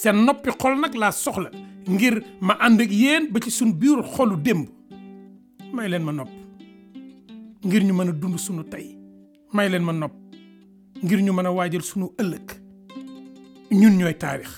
seen noppi xol nag laa soxla ngir ma ànd ak yéen ba ci suñ biir xolu démb may leen ma nopp ngir ñu mën a dund sunu tey may leen ma nopp ngir ñu mën a waajal sunu ëllëg ñun ñooy taarix.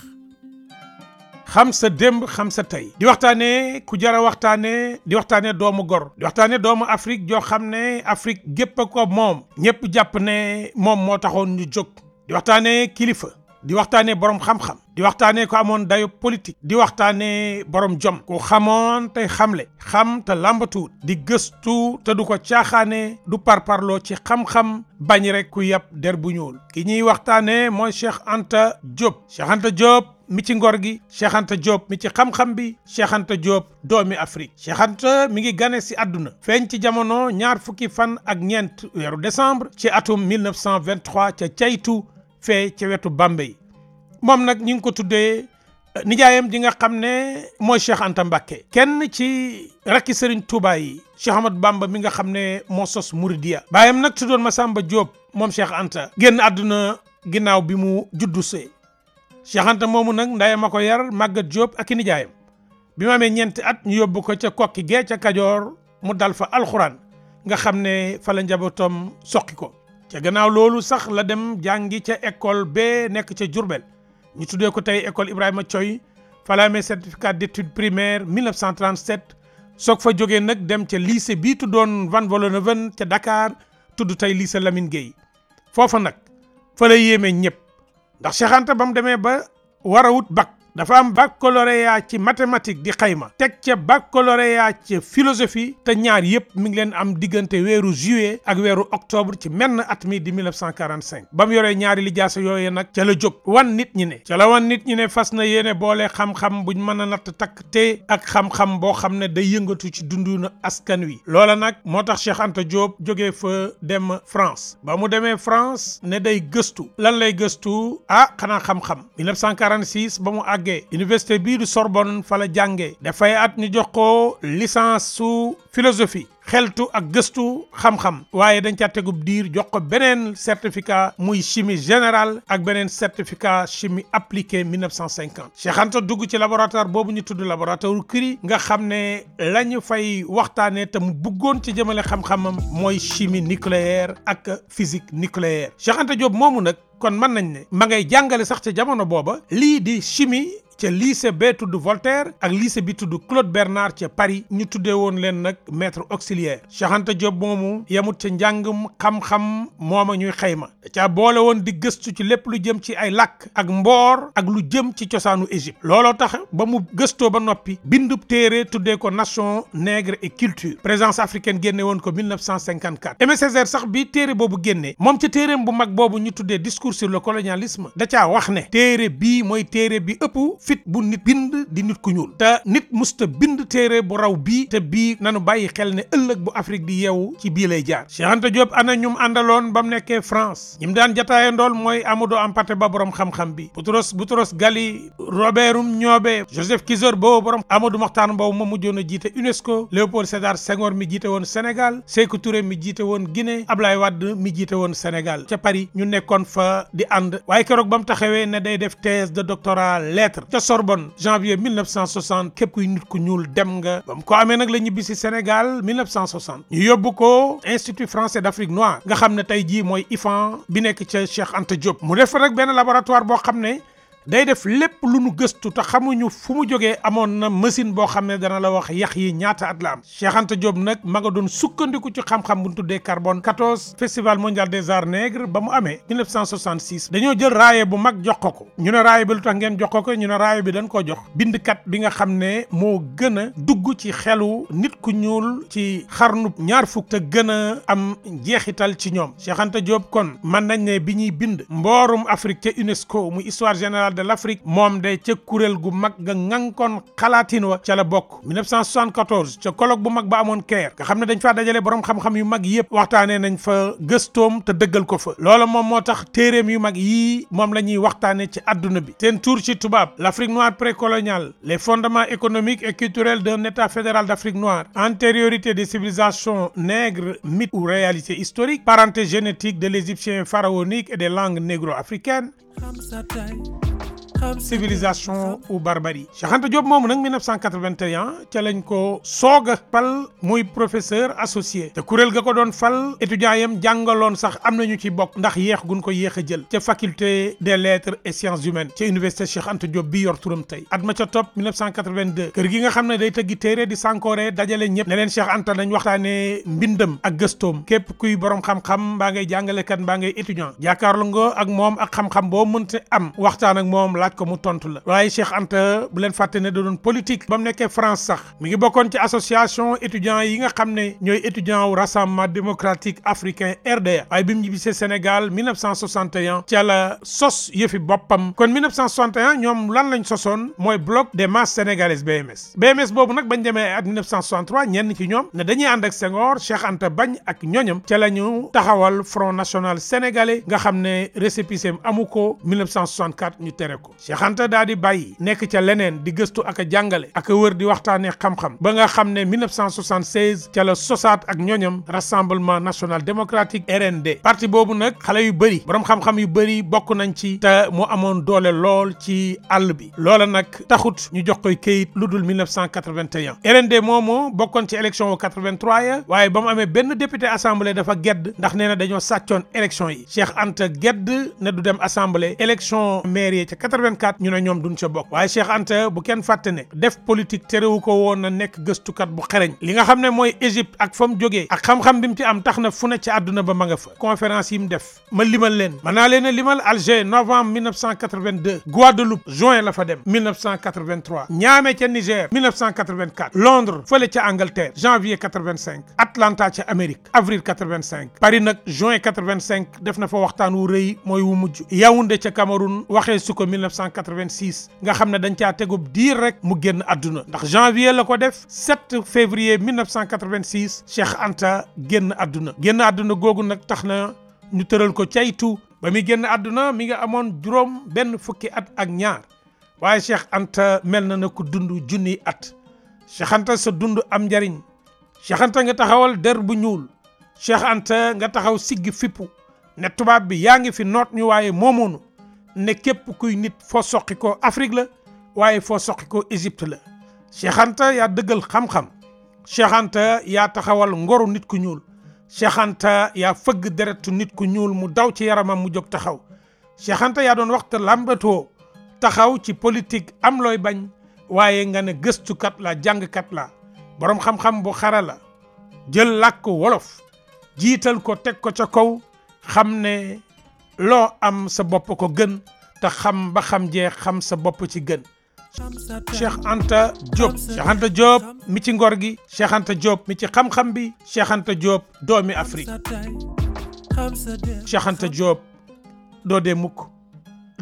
xam sa démb xam sa tey di waxtaanee ku jara waxtaanee di waxtaanee doomu gor di waxtaanee doomu Afrique joo xam ne Afrique gépp ko moom ñëpp jàpp ne moom moo taxoon ñu jóg di waxtaanee kilifa. di waxtaanee borom xam-xam di waxtaanee ko amoon dayo politique di waxtaanee borom jom ku xamoon tey xamle xam te làmbatuwut di gëstu te du ko caaxaane du parparloo ci xam-xam bañ rek ku yab der bu ñuul ki ñuy waxtaanee mooy Cheikh Anta Diop Cheikh Anta Diop mi ci ngor gi Cheikh Anta Diop mi ci xam-xam bi Cheikh Anta Diop doomi Afrique Cheikh Anta mi ngi gane si àdduna feeñ ci jamono ñaar fukki fan ak ñeent weeru décembre ci atum 1923 ca caytu fee ca wetu Bambey moom nag ñi ngi ko tuddee eh, nijaayam di nga xam ne moo Cheikh Anta Mbacké kenn ci rakki Serigne Touba yi Cheikh Ahmad mi nga xam ne moo sos Mouridia baayam nag tuddoon sàmba Diop moom Cheikh Anta génn àdduna ginnaaw bi mu juddu see Cheikh Anta moomu nag ndayam a ko yar Maguette jóob ak nijaayam bi ma amee ñeenti at ñu yóbbu ko ca kokki gee ca Kajoor mu dal fa alxuraan nga xam ne fa la njabootam soqi ko ca gannaaw loolu sax la dem jàngi ca école bee nekk ca Diourbel ñu tuddee ko tey école Ibrahima Thioy fa la amee certificat d'études primaires 1937 soog fa jógee nag dem ca lycée bii tuddoon Van Vollenhoven ca Dakar tudd tey lycée lamin Gueye foofa nag fa la yéeme ñëpp ndax Cheikh ba mu demee ba war a wut bac dafa am baccalauréat ci mathématique di xayma teg ca baccalauréat ci philosophie te ñaar yëpp mu ngi leen am diggante weeru juillet ak weeru octobre ci menn at mi di 1945 ba mu yoree ñaari lijaasa yooyu nag ca la jóg wan nit ñi ne ca la wan nit ñi ne fas na yéene boole xam-xam buñ mën a natt takk te ak xam-xam boo xam ne day yëngatu ci dundunu askan wi loola nag moo tax Cheikh Anta Diop jógee fa dem France ba mu demee France ne day gëstu lan lay gëstu ah xanaa xam-xam màggee université bii du sorbon fala la jàngee dafay at ñu jox ko licence su philosophie xeltu ak gëstu xam-xam waaye dañ ca tegu diir jox ko beneen certificat muy chimie général ak beneen certificat chimie appliquée 1950 Cheikh Anta dugg ci laboratoire boobu ñu tudd laboratoire Curie nga xam ne la fay waxtaanee te buggoon ci jëmale xam-xamam mooy chimie nucléaire ak physique nucléaire Cheikh Anta moomu nag. kon mën nañ ne ma ngay jàngale sax ca jamono booba lii di chimie ca lycée bee tudd Voltaire ak lycée bi tudd Claude Bernard ca Paris ñu tuddee woon leen nag maître auxiliaire Cheikh Anta Diop moomu yamut ca njàngum xam-xam mooma ñuy xayma ca boole woon di gëstu ci lépp lu jëm ci ay làkk ak mboor ak lu jëm ci cosaanu Égypte looloo tax ba mu gëstoo ba noppi bindub téere tuddee ko nation nègre et culture présence africaine génne woon ko 1954 MSSR sax bi téere boobu génnee moom ca téereem bu mag boobu ñu tuddee discours colonialisme da caa wax ne téere bii mooy téere bi ëpp fit bu nit bind di nit ku ñuul te nit musta bind téere bu raw bii te bii nanu bàyyi xel ne ëllëg bu Afrique bi yeewu ci bii lay jaar Cheikh Anta Diop ana ñum àndaloon ba mu nekkee France ñim daan jataaya ndool mooy Amadou Hampâté ba borom xam-xam bi Boutros Boutros Ghali Roberum Ñoobe Joseph Kizerbo borom Amadou Mahtar Mbow ma mujjoon a jiite UNESCO Léopold Sédar Senghor mi jiite woon Sénégal Sékou Touré mi jiite woon Guinée Ablaye Wade mi jiite woon Sénégal ca Paris ñu nekkoon fa Touba di ànd waaye keroog ba mu taxawee ne day def thèse de doctorat lettres ca Sorbonne janvier 1960 képp kuy nit ku ñuul dem nga ba mu ko amee nag la ñibbi si Sénégal ñu yóbbu ko Institut français d'Afrique noire nga xam ne tey jii mooy IFAN bi nekk ca Cheikh Anta Diop mu def nag benn laboratoire boo xam ne day def lépp lu nu gëstu te xamuñu fu mu jógee amoon na machine boo xam ne dana la wax yax yi ñaata at la am Cheikh Anta Diop nag ma nga doon sukkandiku ci xam-xam bu ñu tuddee carbone 14 festival mondial des arts nègres ba mu amee 1966 dañoo jël raaye bu mag jox ko ko ñu ne raaye bi lu tax ngeen jox ko ko ñu ne raaye bi dañ koo jox bindkat bi nga xam ne moo gën a dugg ci xelu nit ku ñuul ci xarnu ñaar fukk te gën a am jeexital ci ñoom Cheikh Anta kon mën nañ ne bi ñuy bind mboorum Afrique t UNESCO mu histoire générale de l'Afrique moom de ca kuréel gu mag nga ŋànkoon xalaatin wa ca la bokk 1974 ca colloque bu mag ba amoon Caire nga xam ne dañ faa dajale borom xam-xam yu mag yëpp waxtaanee nañ fa gëstoom te dëggal ko fa loola moom moo tax téeréem yu mag yii moom la ñuy waxtaane ci àdduna bi seen tur ci tubaab l'Afrique noire précoloniale les fondements économiques et culturels d'un état fédéral d'Afrique noire antériorité des civilisations nègres mit ou réalité historique parenté génétique de l'égyptien pharaonique et des langues négro-africaines civilisation ou barbarie Cheikh Anta Diop moomu nag 1981 ca lañ ko soog a fal muy professeur associé te kuréel ga ko doon fal étudiant yam jàngaloon sax am nañu ci bokk ndax yéex gun ko yéex a jël ca faculté des lettres et sciences humaines ca université Cheikh Anta Diop bi yor turam tey at ma ca topp 1982 kër gi nga xam ne day tëggi téere di sankoore dajale ñëpp ne leen Cheikh Anta nañ waxtaanee mbindam a gëstoom képp kuy borom xam-xam mbaa ngay jàngalekat mbaa ngay étudiant jàkkaarlu nga ak moom ak xam boo mënte laaj ko mu tontu la waaye Cheikh Anta bu leen fàtte ne da doon politique ba mu nekkee France sax mi ngi bokkoon ci association étudiants yi nga xam ne ñooy étudiants wu rassemblement démocratique africain RDA waaye bi mu ñibbisee Sénégal 1961 ci la sos yëfi boppam kon 1961 ñoom lan lañ sosoon mooy bloc des masses sénégalaises BMS BMS boobu nag bañ demee at 1963 ñenn ci ñoom ne dañuy ànd ak Senghor Cheikh Anta bañ ak ñoñam ca la ñu taxawal Front National Sénégalais nga xam ne récépissé amu ko 1964 ñu tere ko Cheikh Anta daa di bàyyi nekk ca leneen di gëstu ak jàngale ak wër di waxtaanee xam-xam ba nga xam ne 1976 ca la sosaat ak ñoñam rassemblement national démocratique RND parti boobu nag xale yu bëri borom xam-xam yu bëri bokk nañ ci te mu amoon doole lool ci àll bi loola nag taxut ñu jox koy këyit lu dul 1981 RND moomoo bokkoon ci élection wu 83 ya waaye ba mu amee benn député assemblée dafa gedd ndax nee dañoo sàccoon élection yi Cheikh Anta gedd ne du dem assemblée élection maire ca F24 ñu ne ñoom duñ ca bokk waaye Cheikh Anta bu kenn fàtte ne def politique terewu ko woon na nekk gëstukat bu xereñ li nga xam ne mooy Égypte ak fa mu jógee ak xam-xam bi mu ci am tax na fu ne ci àdduna ba ma fa conférence yi def ma limal leen mën naa leen a limal Alger novembre 1982 juin la fa dem 1983 Niamey Niger 1984 Londres fële ca Angleterre janvier Atlanta ca Amérique avril Paris nag juin def na fa waxtaan wu rëy mooy wu mujj Yaoundé ca 1986 nga xam ne dañ caa tegub diir rek mu génn adduna ndax janvier la ko def 7 février 1986 Cheikh Anta génn adduna génn àdduna googu nag tax na ñu tëral ko caytu ba muy génn adduna mi nga amoon juróom benn fukki at ak ñaar waaye Cheikh Anta mel na na ku dund junniy at Cheikh Anta sa dund am njariñ Cheikh Anta nga taxawal der bu ñuul Cheikh Anta nga taxaw sigg fippu ne tubaab bi yaa ngi fi noot ñu waaye moomoonu ne képp kuy nit foo soqi ko Afrique la waaye foo soqi ko Égypte la Cheikh Anta yaa dëggal xam-xam Cheikh yaa taxawal ngoru nit ku ñuul Cheikh Anta yaa fëgg deretu nit ku ñuul mu daw ci yaramam mu jóg taxaw Cheikh Anta yaa doon waxta làmbatoo taxaw ci politik am looy bañ waaye nga ne gëstukat la jàngkat la boroom xam-xam bu xara la jël làkk wolof jiital ko teg ko ca kaw xam ne loo am sa bopp ko gën te xam ba xam jee xam sa bopp ci gën Cheikh Anta Diop Cheikh mi ci ngor gi Cheikh Anta Diop mi ci xam-xam bi Cheikh Anta doomi Afrique Cheikh Anta doo dee mukk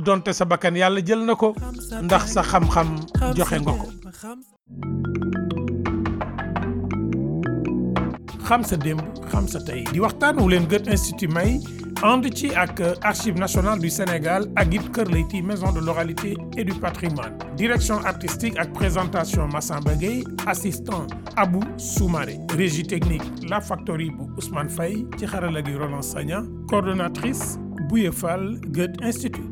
donte sa bakkan yàlla jël na ko ndax sa xam-xam joxe nga ko xam sa démb xam sa tey di waxtaan wu leen Goethe Institut may ànd ci ak archive national du Sénégal ak it Kër Leyti maison de l'oralité et du patrimoine direction artistique ak présentation Massamba Gueye assistant Abou Soumaré régie technique la Factory bu Ousmane Faye ci xarala gi Roland Sagna coordonnatrice Bouye Institut